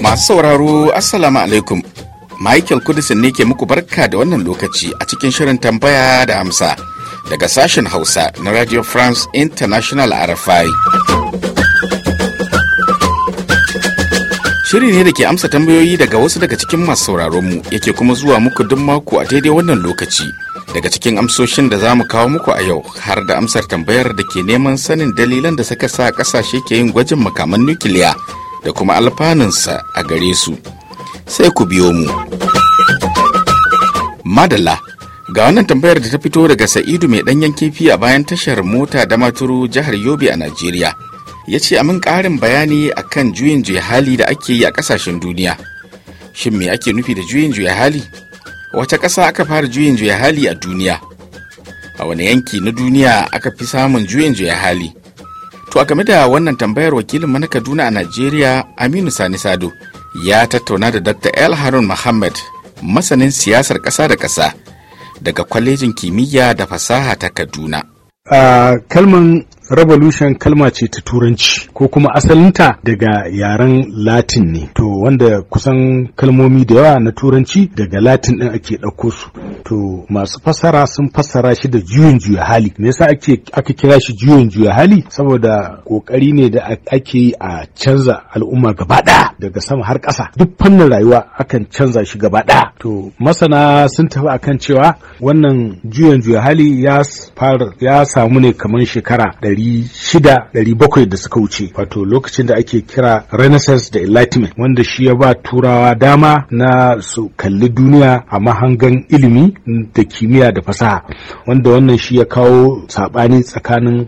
Masu sauraro Assalamu alaikum. Michael Kudisin ne ke muku barka da wannan lokaci a cikin shirin tambaya da amsa daga sashen Hausa na Radio France International RFI. Shiri ne da ke amsa tambayoyi daga wasu daga cikin masu sauraron mu yake kuma zuwa muku duk mako a daidai wannan lokaci. Daga cikin amsoshin da za mu kawo muku a yau har da amsar tambayar da ke neman sanin dalilan da suka sa ƙasashe ke yin gwajin makaman nukiliya da kuma alfanunsa a gare su. Sai ku biyo mu. Madala ga wannan tambayar da ta fito daga Sa'idu mai ɗanyen kifi a bayan tashar mota da maturu jihar Yobe a Najeriya. ya ce amin ƙarin bayani a kan juyin juya hali da ake yi a ƙasashen duniya shin me ake nufi da juyin juya hali wace ƙasa aka fara juyin juya hali a duniya a wani yanki na duniya aka fi samun juyin juya hali to a game da wannan tambayar wakilin mana kaduna a najeriya aminu sani sado ya tattauna da dr el harun muhammad masanin siyasar ƙasa da ƙasa daga kwalejin kimiyya da fasaha ta kaduna uh, kalman revolution kalma ce ta turanci ko kuma asalinta daga yaren latin ne to wanda kusan kalmomi da yawa na turanci daga latin din ake ɗauko su to masu fasara sun fasara shi da juyin juya hali me yasa ake aka kira shi juyin juya hali saboda kokari ne da ake yi a canza al'umma gaba ɗaya daga sama har ƙasa duk fannin rayuwa akan canza shi gaba ɗaya to masana sun tafi akan cewa wannan juyin juya hali ya fara ya samu ne kamar shekara ɗari ɗari shida da suka wuce wato lokacin da ake kira renaissance da enlightenment wanda shi ya ba turawa dama na su kalli duniya a mahangan ilimi da kimiyya da fasaha wanda wannan shi ya kawo saɓani tsakanin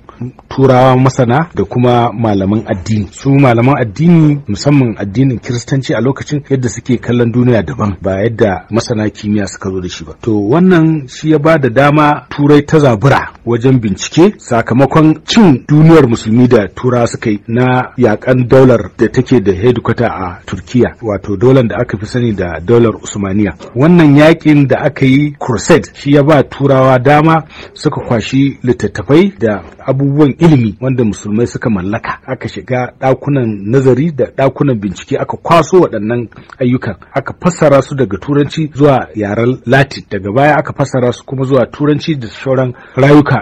turawa masana da kuma malaman addini su malaman addini musamman addinin kiristanci a lokacin yadda suke kallon duniya daban ba yadda masana kimiyya suka zo da shi ba to wannan shi ya ba da dama turai ta zabura wajen bincike sakamakon cin duniyar musulmi da tura suka yi na yakan daular da take da hedikwata a turkiya wato daular da aka fi sani da daular usmaniya wannan yakin da aka yi crusade shi ya ba turawa dama suka kwashi littattafai da abubuwan ilimi wanda musulmai suka mallaka aka shiga ɗakunan nazari da ɗakunan bincike aka kwaso waɗannan ayyukan aka fassara su daga turanci zuwa yaren latin daga baya aka fassara su kuma zuwa turanci da sauran rayuka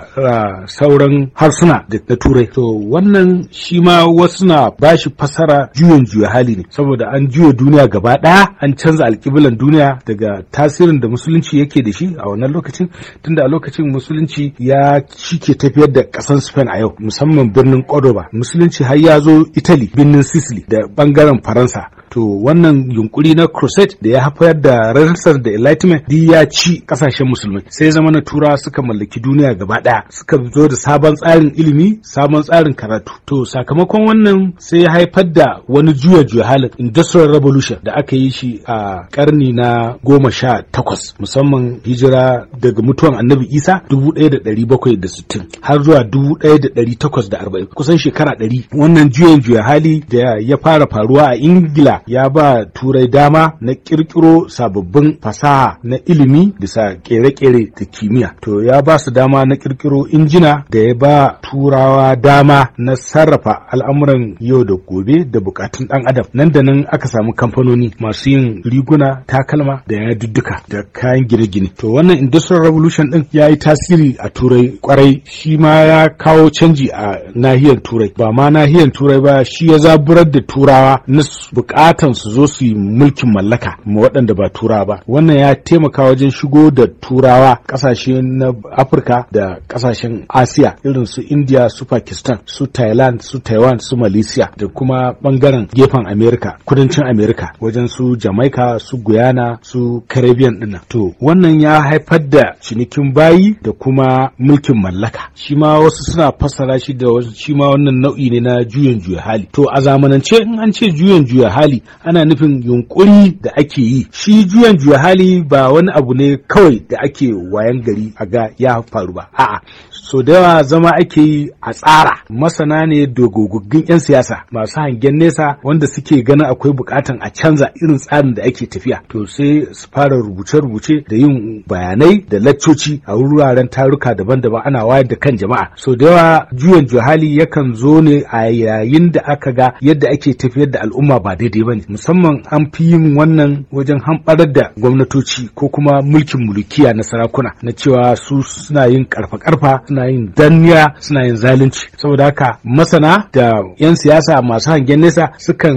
sauran harsuna na turai to wannan shi ma wasu na bashi fasara juyin juya hali ne saboda an juya duniya gaba ɗaya an canza alƙiblan duniya daga tasirin da musulunci yake da shi a wannan lokacin tunda a lokacin musulunci ya shike tafiyar da ƙasar Spain a yau musamman birnin Kodoba musulunci har ya zo Italy birnin Sicily da ɓangaren Faransa to wannan yunkuri na crusade da ya haifar da renaissance da enlightenment di ya ci ƙasashen musulmai sai zama na tura suka mallaki duniya gaba daya suka zo da sabon tsarin ilimi ilimi sabon tsarin karatu to sakamakon wannan sai ya haifar da wani juya juya halin industrial revolution da aka yi shi a karni na goma sha takwas musamman hijira daga mutuwan annabi isa dubu ɗaya da ɗari bakwai da sittin har zuwa dubu ɗaya da ɗari takwas da arba'in kusan shekara ɗari wannan juya juya hali da ya fara faruwa a ingila ya ba turai dama na ƙirƙiro sababbin fasaha na ilimi bisa ƙere-ƙere da kimiyya to ya ba su dama na ƙirƙiro injina da ya ba turai turawa dama na sarrafa al'amuran yau da gobe da bukatun dan adam nan da nan aka samu kamfanoni masu yin riguna takalma da ya dudduka da kayan gine-gine to wannan industrial revolution din ya yi tasiri a turai kwarai shi ma ya kawo canji a nahiyar turai ba ma nahiyar turai ba shi ya zaburar da turawa na bukatan su zo su yi mulkin mallaka ma waɗanda ba turawa ba wannan ya taimaka wajen shigo da turawa ƙasashe na afirka da ƙasashen asiya irin su india su pakistan su thailand su taiwan su malaysia da kuma bangaren gefen america kudancin america wajen su jamaica su guyana su caribbean dinnan to wannan ya haifar da cinikin bayi da kuma mulkin mallaka shi ma wasu suna fassara shi da wasu shi ma wannan nau'i ne na juyan juya hali to a zamanance in an ce juyan juya hali ana nufin yunkuri da ake yi shi juyan juya hali ba wani abu ne kawai da ake wayan gari a ga ya faru ba a'a Sau da yawa zama ake yi a tsara masana ne dogogoggin 'yan siyasa masu hangen nesa wanda suke ganin akwai bukatan a canza irin tsarin da ake tafiya to sai su fara rubuce-rubuce da yin bayanai da laccoci a wuraren taruka daban-daban ana wayar da kan jama'a so da yawa juyan juhali yakan zo ne a yayin da aka ga yadda ake tafiyar da al'umma ba daidai ba ne musamman an fi yin wannan wajen hamɓarar da gwamnatoci ko kuma mulkin mulkiya na sarakuna na cewa su suna yin karfa-karfa suna yin danniya suna yin zalunci saboda haka masana da 'yan siyasa masu hangen nesa sukan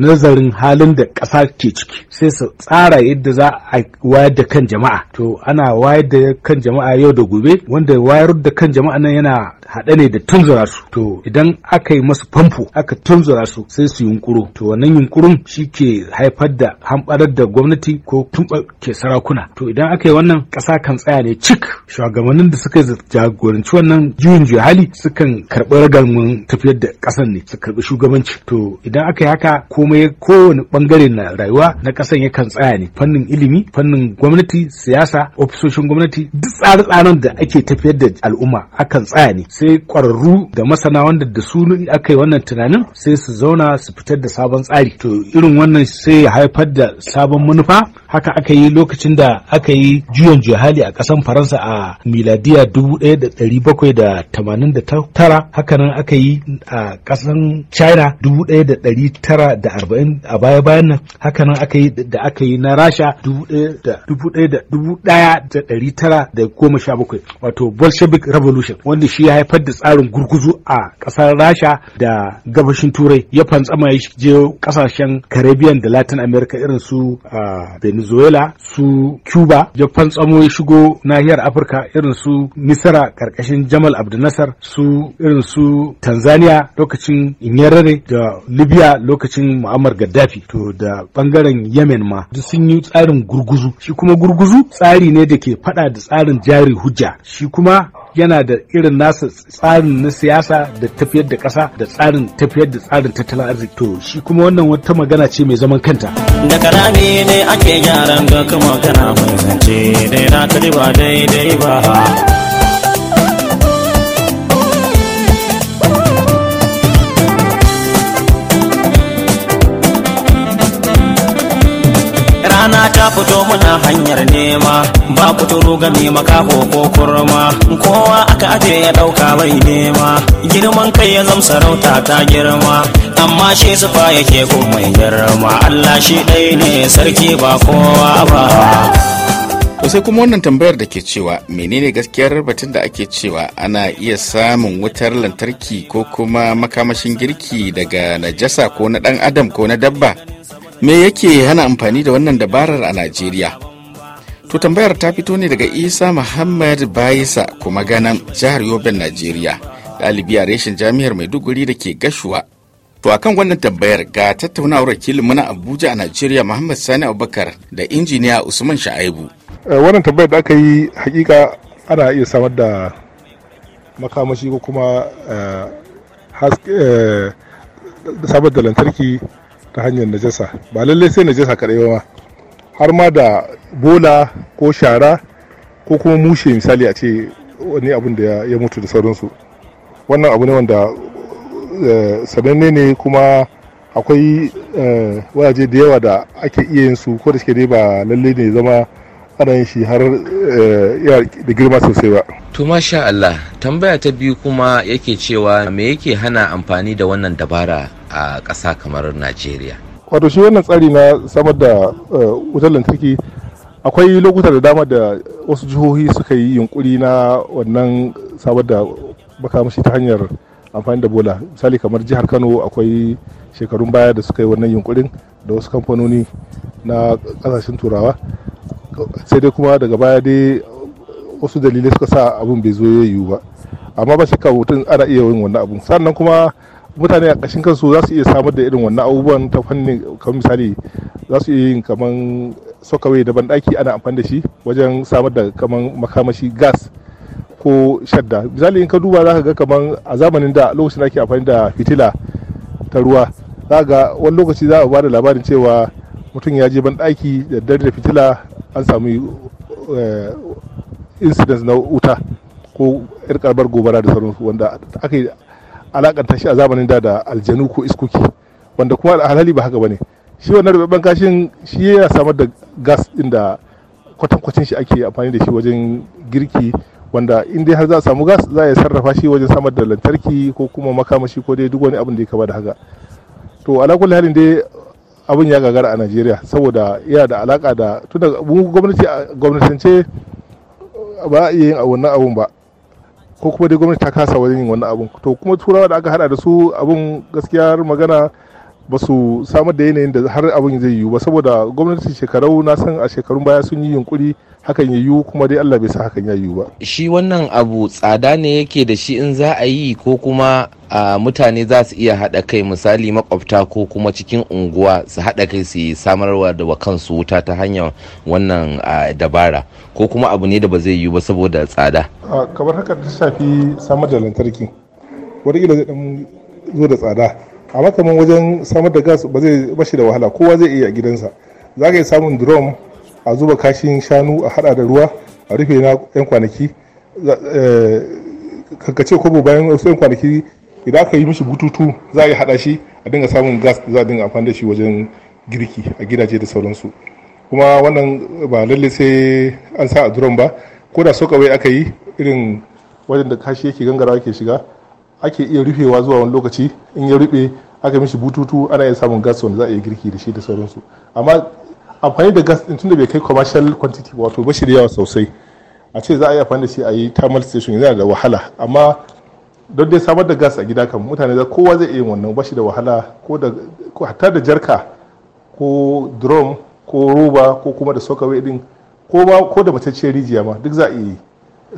nazarin halin da ƙasa ke ciki sai su tsara yadda za a wayar da kan jama'a to ana wayar da kan jama'a yau da gobe wanda wayar da kan jama'a nan yana haɗe ne da tunzura su to idan aka yi masu famfo aka tunzura su sai su yunkuro to wannan yunkurun shi ke haifar da hamɓarar da gwamnati ko ke sarakuna to idan aka yi wannan ƙasa kan tsaya ne cik shugabannin da suka jagoranci wannan juyin juya hali sukan karɓi ragarmin tafiyar da ƙasar ne su karɓi shugabanci to idan aka yi haka komai kowane bangare na rayuwa na ƙasar yakan tsaya ne fannin ilimi fannin gwamnati siyasa ofisoshin gwamnati duk tsare-tsaren da ake tafiyar da al'umma akan tsaya ne sai ƙwararru da masana wanda da su aka yi wannan tunanin sai su zauna su fitar da sabon tsari to irin wannan sai ya haifar da sabon manufa haka aka yi lokacin da aka yi juyon juhali a ƙasan faransa a miladiya 1789 haka nan aka yi a ƙasan china 1940 a baya bayan nan haka nan aka yi da aka yi na rasha 1917 wato bolshevik revolution wanda shi ya haifar haifar da tsarin gurguzu a ƙasar rasha da gabashin turai ya fantsama ya je ƙasashen caribbean da latin america irin su venezuela su cuba ya fantsamo ya shigo nahiyar afirka irin su misira ƙarƙashin jamal abdulnasar su irin su tanzania lokacin inyarare da libya lokacin mu'ammar gaddafi to da bangaren yemen ma duk sun yi tsarin gurguzu shi kuma gurguzu tsari ne da ke faɗa da tsarin jari hujja shi kuma yana da irin nasa tsarin na siyasa da tafiyar da ƙasa da tsarin tafiyar da tsarin tattalin arziki to shi kuma wannan wata magana ce mai zaman kanta da karami ne ake gyaran da magana mai zance dai na ta daidai ba rana ta fito muna hanyar nema ba kuturu ga me makaho ko kurma kowa aka aje ya dauka bai nema girman kai ya zama sarauta ta girma amma shi sufa yake ko mai girma Allah shi ɗaya ne sarki ba kowa ba To sai kuma wannan tambayar da ke cewa menene gaskiyar batun da ake cewa ana iya samun wutar lantarki ko kuma makamashin girki daga najasa ko na dan adam ko na dabba me yake hana amfani da wannan dabarar a najeriya to tambayar ta fito ne daga isa muhammad bayisa kuma ganan jihar yoben najeriya ɗalibi a reshen jami'ar maiduguri da ke gashuwa to akan wannan tambayar ga tattaunawar kilimu na abuja a najeriya muhammad sani abubakar da injiniya usman sha'aibu eh, wannan tambayar da aka yi hakika ana iya samar da makamashi ko kuma eh, eh, samar da lantarki ta hanyar najasa ba lallai sai najasa kaɗai ba har ma da bola ko shara ko kuma mushe misali a ce wani abin da ya mutu da sauransu wannan abu ne wanda eh, sananne ne kuma akwai eh, wajaje da yawa da ake iya yin su ko da suke dai ba lallai ne zama ana yin shi har eh, da girma sosai ba. To masha Allah tambaya ta biyu kuma yake cewa me yake hana amfani da wannan dabara a ƙasa kamar Najeriya. Wato shi wannan tsari na samar da eh, wutar lantarki akwai lokuta da dama da wasu jihohi suka yi yunkuri na wannan samar da makamashi ta hanyar amfani da bola misali kamar jihar kano akwai shekarun baya da suka yi wannan yunkurin da wasu kamfanoni na kasashen turawa sai dai kuma daga baya dai wasu dalilai suka sa abun bai zo ya yiwu ba amma ba shakka mutum ana iya yin wannan abun sannan kuma mutane a ƙashin kansu za su iya samar da irin wannan abubuwan ta fannin kamar misali za su iya yin kamar da ban daki ana amfani da shi wajen samar da kamar makamashi gas ko shadda misali in ka duba za ka ga kamar a zamanin da lokacin da ake amfani da fitila ta ruwa za ga wani lokaci za a ba da labarin cewa mutum ya je ban daki da dare da fitila an samu eh, incidents na wuta ko yar karbar gobara da sauran wanda aka yi alakanta shi a zamanin da da aljanu ko iskoki wanda kuma alhali ba haka bane shi wannan rubabban kashin shi yana samar da gas din da kwatankwacin shi ake amfani da shi wajen girki wanda in dai har za a samu gas za a sarrafa shi wajen samar da lantarki ko kuma makamashi ko dai duk wani abin da ya kama da haka to ala halin dai abin ya gagara a nigeria saboda yana da alaka da tunda mu gwamnati gwamnatance ba a iya yin wannan abun ba ko kuma dai gwamnati ta kasa wajen yin wannan abun to kuma turawa da aka hada da su abun gaskiyar magana ba su samar da yanayin da har abin zai yiwu ba saboda gwamnati shekarau na san a shekarun baya sun yi yunkuri hakan ya yiwu kuma dai Allah bai sa hakan ya yiwu ba shi wannan abu tsada ne yake da shi in za a yi ko kuma a mutane za su iya haɗa kai misali makwabta ko kuma cikin unguwa su haɗa kai su yi samarwa da wa kansu wuta ta hanyar wannan dabara ko kuma abu ne da ba zai yiwu ba saboda tsada kamar haka ta shafi samar da lantarki wani ila zai ɗan zo da tsada amma kamar wajen samar da gas ba zai bashi da wahala kowa zai iya a gidansa za ka yi samun drum a zuba kashin shanu a haɗa da ruwa a rufe na 'yan kwanaki eh, kankace kobo bayan wasu 'yan kwanaki idan aka yi mishi bututu za a yi haɗa shi a dinga samun gas za a dinga amfani da shi wajen girki a gidaje da sauransu kuma wannan ba lalle sai an sa a duron ba ko da sokawai aka yi irin wajen da kashi yake gangarawa ke shiga ake iya rufewa zuwa wani lokaci in ya rufe aka mishi bututu ana iya samun gas wanda za a yi girki da shi da sauransu amma amfani da gas tun da bai kai commercial quantity wato bashi da yawa sosai a ce za a yi amfani da shi a yi thermal station yana da wahala amma don dai samar da gas a gida kan mutane da kowa zai iya wannan bashi da wahala ko da hatta da jarka ko drum ko roba ko kuma da soka din ko ba ko da mace rijiya ma duk za a yi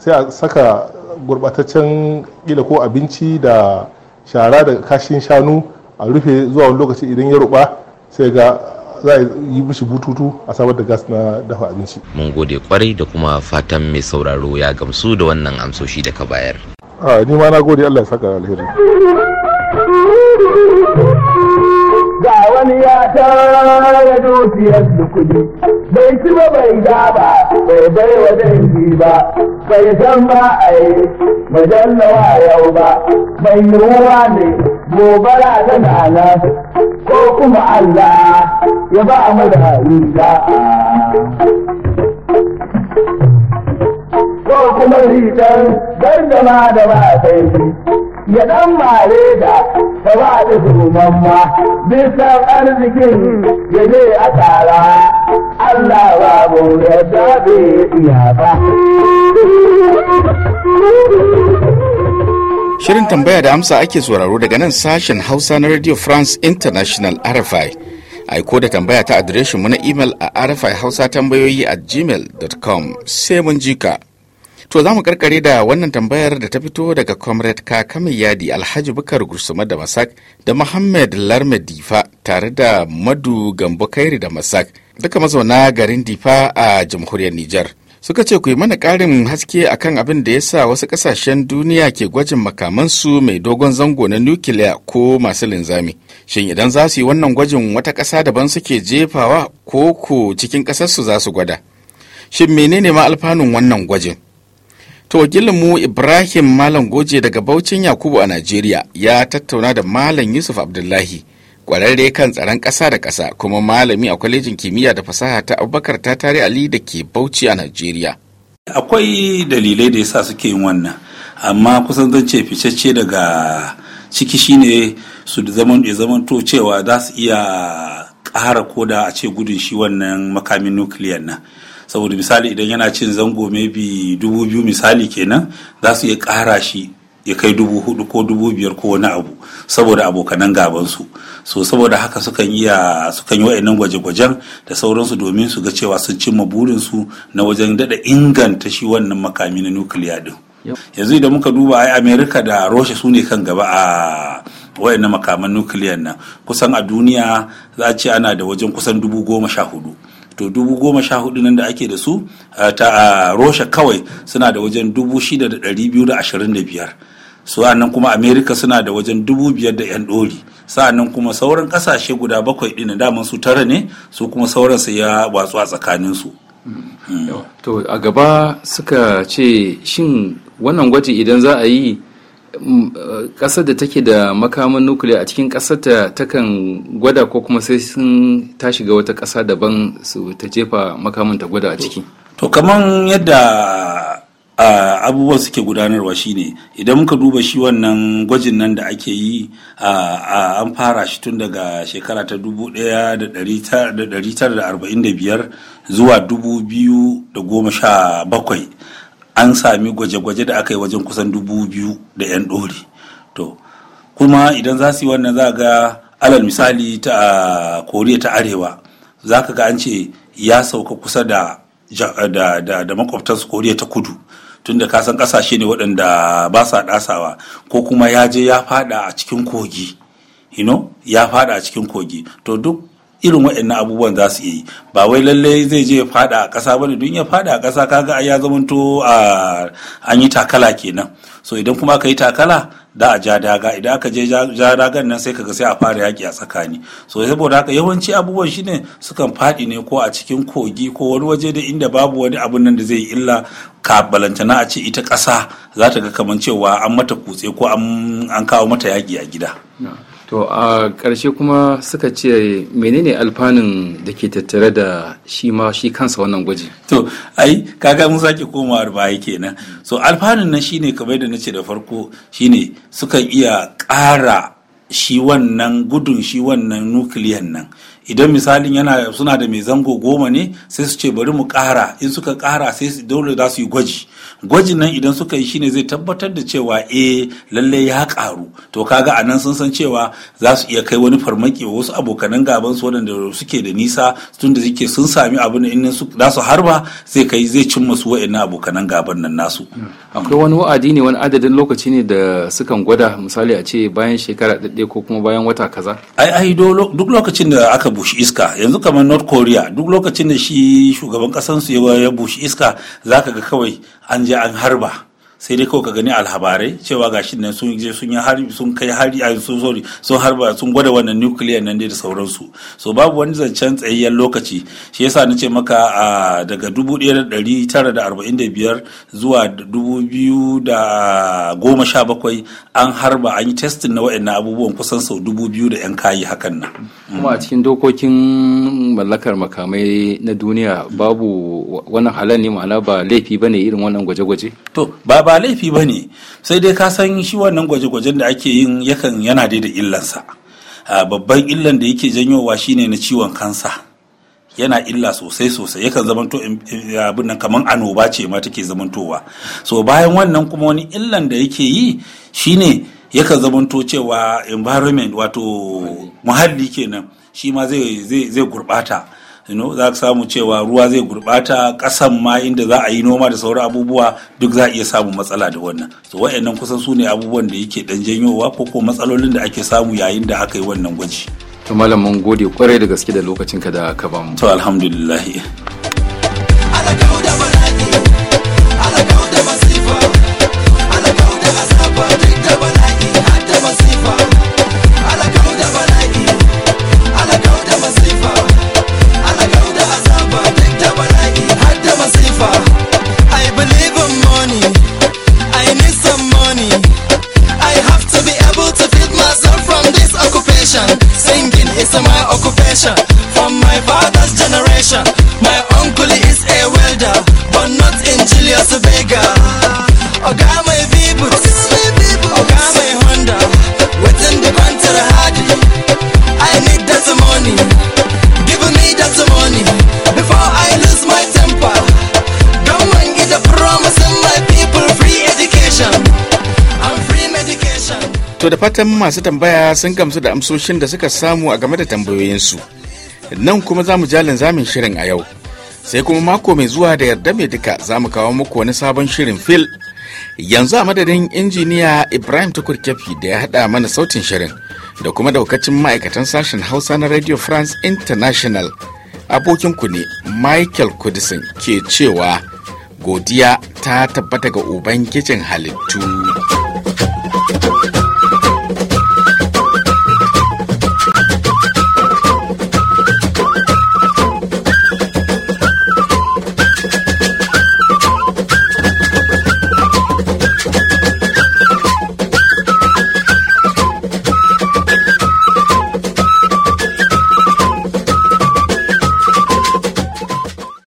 sai a saka gurbataccen kila ko abinci da shara da kashin shanu a rufe zuwa wani lokaci idan ya ruba sai ga za a yi mishi bututu a samar da gas na dafa abinci. Mun gode kwarai da kuma fatan mai sauraro ya gamsu da wannan amsoshi da ka bayar. a ni ma na gode Allah ya saka alheri ga wani ya tara dukiyar ya kudi bai ci ba bai ga ba bai bai wa dangi ba bai san ba a majalla wa yau ba bai ruwa ne gobara ta nana ko kuma Allah ya ba mu da kuma ritar gardama da ba sai ya dan mare da ta ba da zuman ma bisa arzikin ya je a tara Allah ba mu yadda bai iya ba. Shirin tambaya da amsa ake sauraro daga nan sashen Hausa na Radio France International RFI. Aiko da tambaya ta adireshinmu na imel a rfi hausa tambayoyi a gmail.com sai mun jika. To za mu karkare da wannan tambayar da ta fito daga Comrade Kakami Yadi Alhaji Bukar Gursuma da Masak da Muhammad Larme Difa tare da Madu Gambo Kairi da Masak duka mazauna garin Difa a jamhuriyar Nijar. Suka ce ku yi mana ƙarin haske akan abin da ya sa wasu ƙasashen duniya ke gwajin makamansu mai dogon zango na nukiliya ko masu linzami. Shin idan za su yi wannan gwajin wata ƙasa daban suke jefawa ko ko cikin ƙasarsu za su gwada? Shin menene ma alfanun wannan gwajin? To mu Ibrahim Malam Goje daga Baucin Yakubu a Najeriya ya tattauna da Malam Yusuf Abdullahi kwararre kan tsaron ƙasa da ƙasa kuma malami a kwalejin kimiyya da fasaha ta Abubakar ta tare Ali da ke Bauchi a Najeriya. Akwai dalilai da yasa suke yin wannan amma kusan zan ce ficecce daga ciki shine su zaman zamanto cewa za su iya ƙara koda a ce gudun shi wannan makamin nukiliyan nan. saboda misali idan yana cin zango maybe dubu biyu misali kenan za su iya ƙara shi ya kai dubu hudu ko dubu biyar ko wani abu saboda abokanan gabansu so saboda haka sukan iya sukan yi wa'annan gwaje-gwajen da sauransu domin su ga cewa sun cimma burinsu na wajen dada inganta shi wannan makami na nukiliya din yanzu idan muka duba ai america da roshe su ne kan gaba a wa'annan makaman nukiliyan nan kusan a duniya za a ce ana da wajen kusan dubu goma sha hudu to dubu goma sha hudu nan da ake da su ta rosha kawai suna da wajen dubu shida da dari biyu da ashirin da biyar sa'annan kuma america suna da wajen dubu biyar da yan ɗori sa'annan kuma sauran kasashe guda bakwai ɗin daman su tara ne su kuma sauran su ya watsu a tsakanin to a gaba suka ce shin wannan gwaji idan za a yi kasar mm, eh, da take da makaman nukiliya a cikin kasar ta takan gwada ko kuma sai sun ta shiga wata kasa daban su ta jefa makaman ta gwada a ciki to kamar yadda abubuwan suke gudanarwa shine idan muka duba shi wannan gwajin nan da ake yi an fara shi tun daga shekara ta biyar zuwa 2017 an sami gwaje-gwaje da aka yi wajen kusan dubu biyu da 'yan ɗori to kuma idan za su yi wannan za ga alal misali ta koriya ta arewa za ka ga an ce ya sauka kusa da da, da, da makwabtansu koriya ta kudu tunda kasan kasan kasashe ne waɗanda ba sa ɗasawa ko kuma ya je ya faɗa a cikin kogi you know? ya fada a cikin kogi to duk irin waɗannan abubuwan za su yi ba wai lalle zai je fada a ƙasa bane don ya fada a ƙasa kaga ya zamanto a an yi takala kenan so idan kuma ka yi takala da a ja daga idan aka je ja dagan nan sai kaga sai a fara yaƙi a tsakani so saboda haka yawanci abubuwan shine sukan faɗi ne ko a cikin kogi ko wani waje da inda babu wani abun nan da zai yi illa ka balantana a ce ita ƙasa za ta ga kamar cewa an mata kutse ko an kawo mata yaƙi a gida. to a ƙarshe kuma suka ce menene alfanun da ke tattare da shi ma shi kansa wannan gwaji to ai kaga mun sake koma baya kenan so alfanun nan shine kamar da nace da farko shine sukan iya ƙara shi wannan gudun shi wannan nukiliyan nan idan misalin yana suna da mai zango goma ne sai su ce bari mu ƙara in suka ƙara sai dole za su yi gwaji gwajin nan idan suka yi shine zai tabbatar da cewa e eh, lalle ya ƙaru to kaga anan sun san cewa za su iya kai wani farmaki wa wasu abokanan gaban su waɗanda suke da nisa tunda suke sun sami abu ne in su za su harba zai kai zai cimma su wa'annan abokanan gaban nan nasu akwai wani wa'adi ne wani adadin lokaci ne da sukan gwada misali a ce bayan shekara ɗaɗɗe ko kuma bayan wata kaza ai ai duk lokacin da aka bushi iska yanzu kamar north korea duk lokacin da shi shugaban kasansu ya bushi iska za ka ga kawai an je an harba sai dai kawai ka gani alhabarai cewa shi nan sun je sun yi hari sun kai hari a sun sori sun harba sun gwada wannan nuclear nan dai da sauransu so babu wani zancen tsayayyen lokaci shi yasa na ce maka a daga 1945 zuwa 2017 an harba an yi testing na waɗannan abubuwan kusan sau 2000 da yan kayi hakan nan kuma a cikin dokokin mallakar makamai na duniya babu wannan halal ne ma'ana ba laifi bane irin wannan gwaje-gwaje to ba ba laifi ba ne sai dai ka san shi wannan gwaje-gwajen da ake yin yakan yana da illansa babban illan da yake janyowa shine na ciwon kansa yana illa sosai sosai yakan zamanto abin nan kamar annoba ce ma take zamantowa so bayan wannan kuma wani illan da yake yi shine yakan zamanto cewa environment wato muhalli kenan shi ma zai gurbata za ka samu cewa ruwa zai gurɓata ƙasan ma inda za a yi noma da sauran abubuwa duk za a iya samun matsala da wannan so wa'annan kusan su ne abubuwan da yake dan janyowa ko ko matsalolin da ake samu yayin da aka yi wannan gwaji to malam mun gode kwarai da gaske da lokacin ka da ka bamu to alhamdulillah da fatan masu tambaya sun gamsu da amsoshin da suka samu a game da tambayoyinsu nan kuma za mu jalin zamin shirin a yau sai kuma mako mai zuwa da yarda mai duka za mu kawo muku wani sabon shirin fil yanzu a madadin injiniya ibrahim tukur kefi da ya haɗa mana sautin shirin da kuma daukacin ma'aikatan sashen hausa na radio france international abokin ku ne michael kudisin ke cewa godiya ta tabbata ga ubangijin halittu.